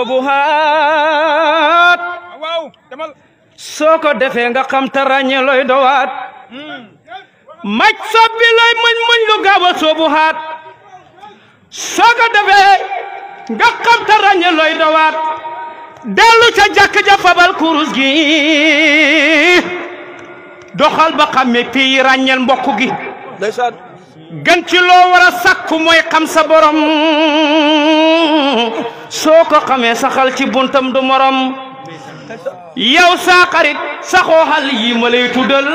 soobuhaat soo ko defee nga xam te ràññee looy dowaat maj soppi looy muñ muñ lu gaaw a soobuhaat soo ko defee nga xam te ràññee dowaat dellu ca jàkk ja fabal kurus gi doxal ba xamme piyi ràññeel mbokk gi gan ci loo war a sàkku xam sa borom soo ko xamee saxal ci buntam du morom yow saa xarit saxoo xal yi ma lay tuddal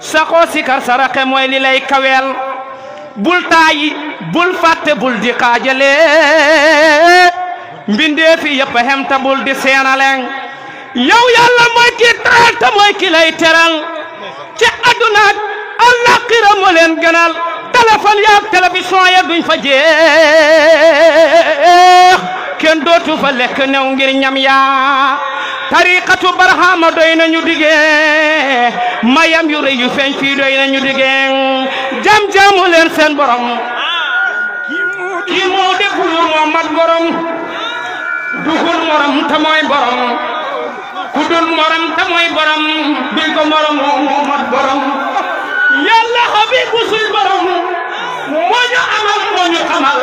saxoo sikar saraxe mooy li lay kaweel bul taayi bul fàtte bul di xaajale mbindee fi yëpp ta bul di seenaleng yow yàlla mooy ki teral te mooy ki lay ci àdduna àllaaxira moo leen gënal téléphone yaak duñ fa jeex kenn dootu fa lekk new ngir ñam yaa tariqatu barahama doy nañu digee mayam yu rëy yu doy nañu digee jam-jaamu leen seen borom kii moo def wur mat borom dugul morom te borom ku dul morom te borom bi ko morom moo mat borom yàlla xabibu suñ borom moo ñu amal moo ñu xamal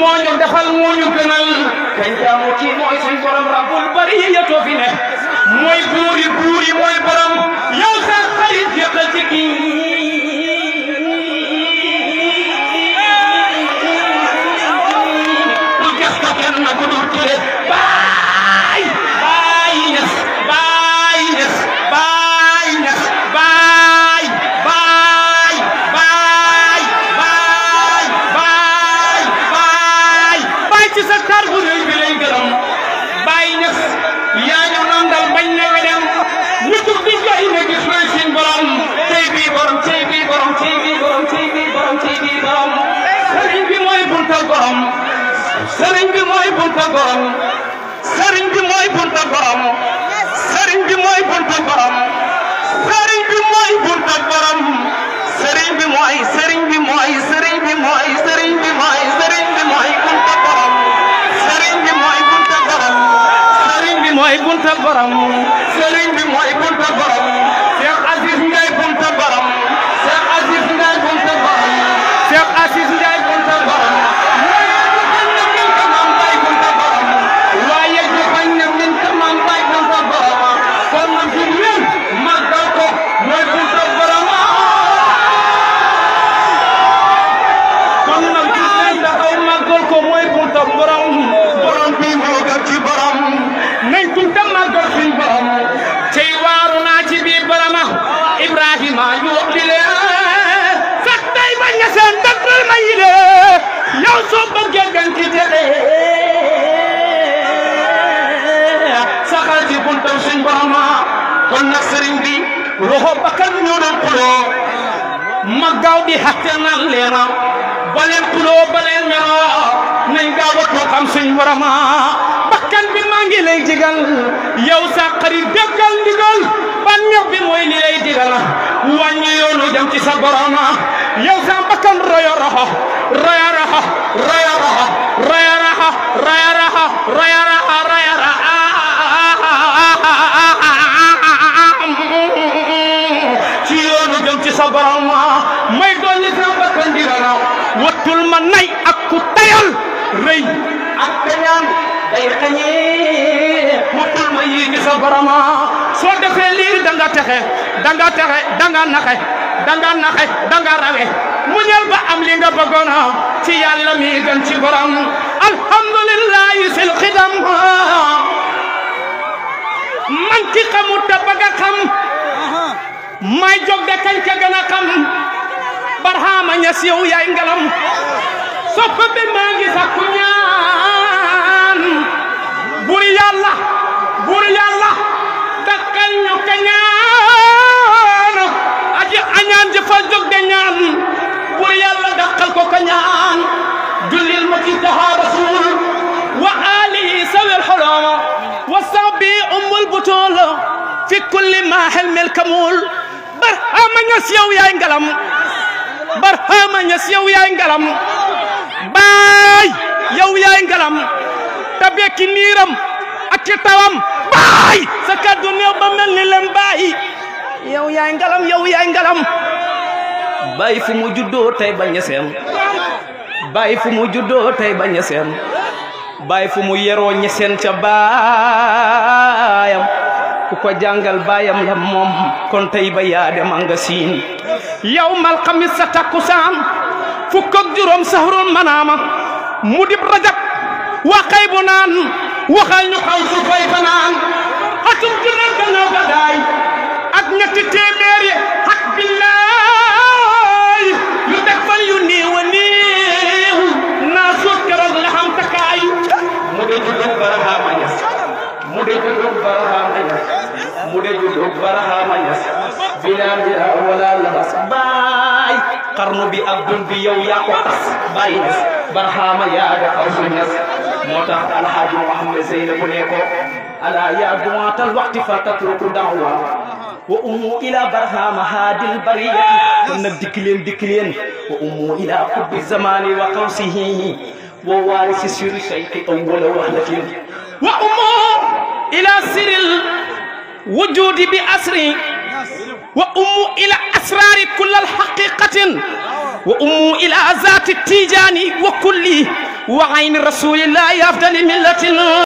moo ñu defal moo ñu gënal kañ jaamu kii mooy suñ borom rabbul bariyatoo fi ne mooy buuri buuri mooy borom yow sa xarit yëkkal ci ci bi mooy bunta gorom sëriñ bi mooy bunta gorom sëriñ bi mooy bunta gorom সম্পর্কে ব্যাংকিতে saxal ci buntam suñ boroma kon nag sëriñ bi loxo bakkan bi ñoo doon xuloo ma gaaw di xatte naan leena ba leen xuloo ba leen mero nañ gaaw a toog bakkan bi maa ngi lay digal yow sa xarit déggal ndigal ban ñox bi mooy li lay wàññi yoonu jëm ci sa borom yow sa bakkan royo roxo royo roxo royo roxo royo roxo royo roxo royo roxo royo roxo ci yoonu jëm ci sa borom may dolli sa bakkan di royo wattul ma nay ak tayal rëy ak kañaan day xañee wattul ma yéegi sa borom soo defee lii da nga texe da nga naxe da naxe da nga rawe muñal ba am li nga ci yàlla gën ci borom alhamdulillahi sil xidam man ki xamut te xam may jóg de kañ ka gën xam barhama ñas yow yaay ngelam sopp bi maa ngi sakku ñaan buri nga yàlla dàqal ko ka ñaan jullil ma ci taha rasul wa alihi sawel xolooma wa sahbi ummul butool fi kulli ma xelmel kamul barhama ñas yow yaay ngalam barhama ñas yow yaay baay yow yaay ngalam tabekki niiram ak ci baay sa kàddu néew ba mel baay yow yaay ngalam yow bàyyi fu mu juddoo tey bañ a fu mu juddoo tey ca baayam ku ko jàngal baayam la moom kon tey ba yaa dem nga mal xamis sa takkusaan fukk ak juróom sahrun manaama mu dib rajab waxay bu naan waxal ñu xaw su fay fanaan atum juróom gannaaw gadaay ak ñetti أكبرها ما يسعى بلا درع ولا لبس باي قرن بأبدل بيو يا قطس باي نس برحام يا دعوس نس موتاخ الحاج محمد زينب ليكو ألا يا دعاة الوقت فتترك دعوة wa umu ila barhama haadil bariyati kon nag dikk leen dikk leen wa umu ila xubbi zamani wa qawsihi wa waarisi suri shayqi awwala wahdatin wa umu wujudi bi asri wa ummu ila asrari kullal haqiqatin wa ummu ila zati tijani wa kulli wa ayni rasulillahi afdali millatin